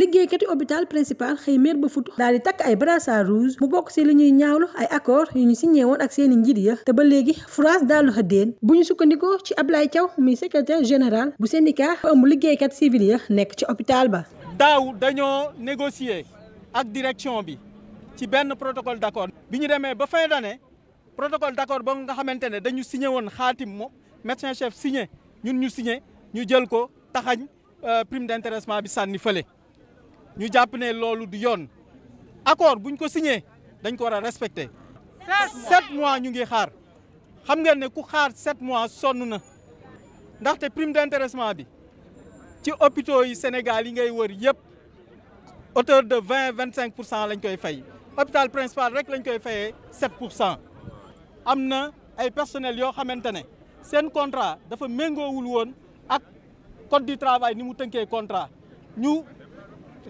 liggéeykati hôpital principal xëy meer ba futu daal takk ay brassard rouge mu bokk ci li ñuy ñaawlu ay accord yu ñu signé woon ak seeni njiit ya te ba léegi France daalu xëddeen bu ñu sukkandikoo ci Ablaye Thiaw muy secrétaire général bu syndicat bu ëmb liggéeykat civil ya nekk ci hôpital ba daaw dañoo négocier ak direction bi ci benn protocole d'accord bi ñu demee ba fin d'année protocole d'accord ba nga xamante ne dañu signé woon xaatim moom médecin chef signé ñun ñu signé ñu jël ko taxañ euh, prime d'intéressement bi sànni fale ñu jàpp ne loolu du yoon accord buñ ko signe dañ ko war a respecté sept mois ñu ngi xaar xam nga ne ku xaar sept mois sonn na ndaxte prime d'intéressement bi ci hôpitaux yi Sénégal yi ngay wër yëpp hauteur de vingt vingt cinq pour cent lañ koy fay hôpital principal rek lañ koy fayee sept pour cent am na ay personnel yoo xamante ne seen contrat dafa méngoowul woon ak code du travail ni mu tënkee contrat ñu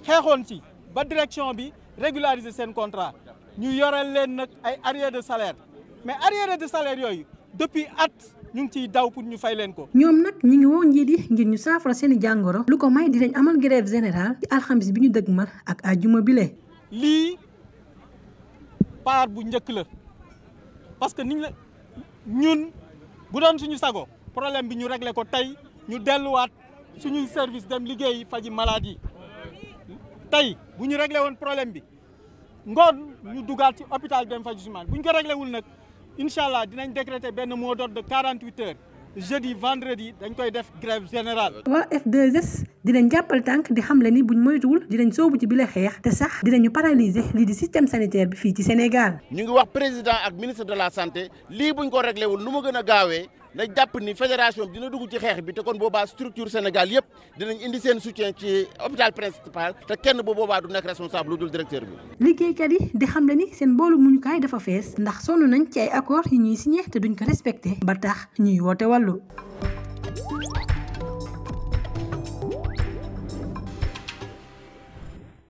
xeexoon ci ba direction bi régulariser seen contrat ñu yoreel leen nag ay arriérés de salaire mais arriérés de salaire yooyu depuis at ñu ngi ciy daw pour ñu fay leen ko. ñoom nag ñu ngi woo njiit yi ngir ñu saafara seen i jàngoro. lu ko may dinañ amal grève générale ci alxamis bi ñu dëgmal ak ajuma bile. lii part bu njëkk la parce que niñ ñun. bu doon suñu sago problème bi ñu réglé ko tey ñu delluwaat suñuy service dem liggéey faji maladi tey bu ñu réglé woon problème bi ngoon ñu dugaat ci hôpital bi dem faji sumaan bu ñu ko réglé wul nag incha allah dinañ décréter benn mot d'ordre de 48 heures jeudi vendredi dañ koy def grève générale. waa f dinañ jàppal tànk di xamle ni buñ moytuwul dinañ soobu ci bile xeex te sax dinañu paralyser lii di système sanitaire bi fii ci Sénégal. ñu ngi wax président ak ministre de la santé lii buñ ko réglé wul nu mu gën a gaawee. na jàpp ni fédération bi dina dugg ci xeex bi te kon boobaa structure Sénégal yëpp dinañ indi seen soutien ci hôpital principal te kenn bu boobaa du nekk responsable lu dul directeur bi. liggéeykat yi di xam le ni seen mboolu muñukaay dafa fees ndax sonn nañ ci ay accords yi ñuy signé te duñ ko respecté ba tax ñuy woote wàllu.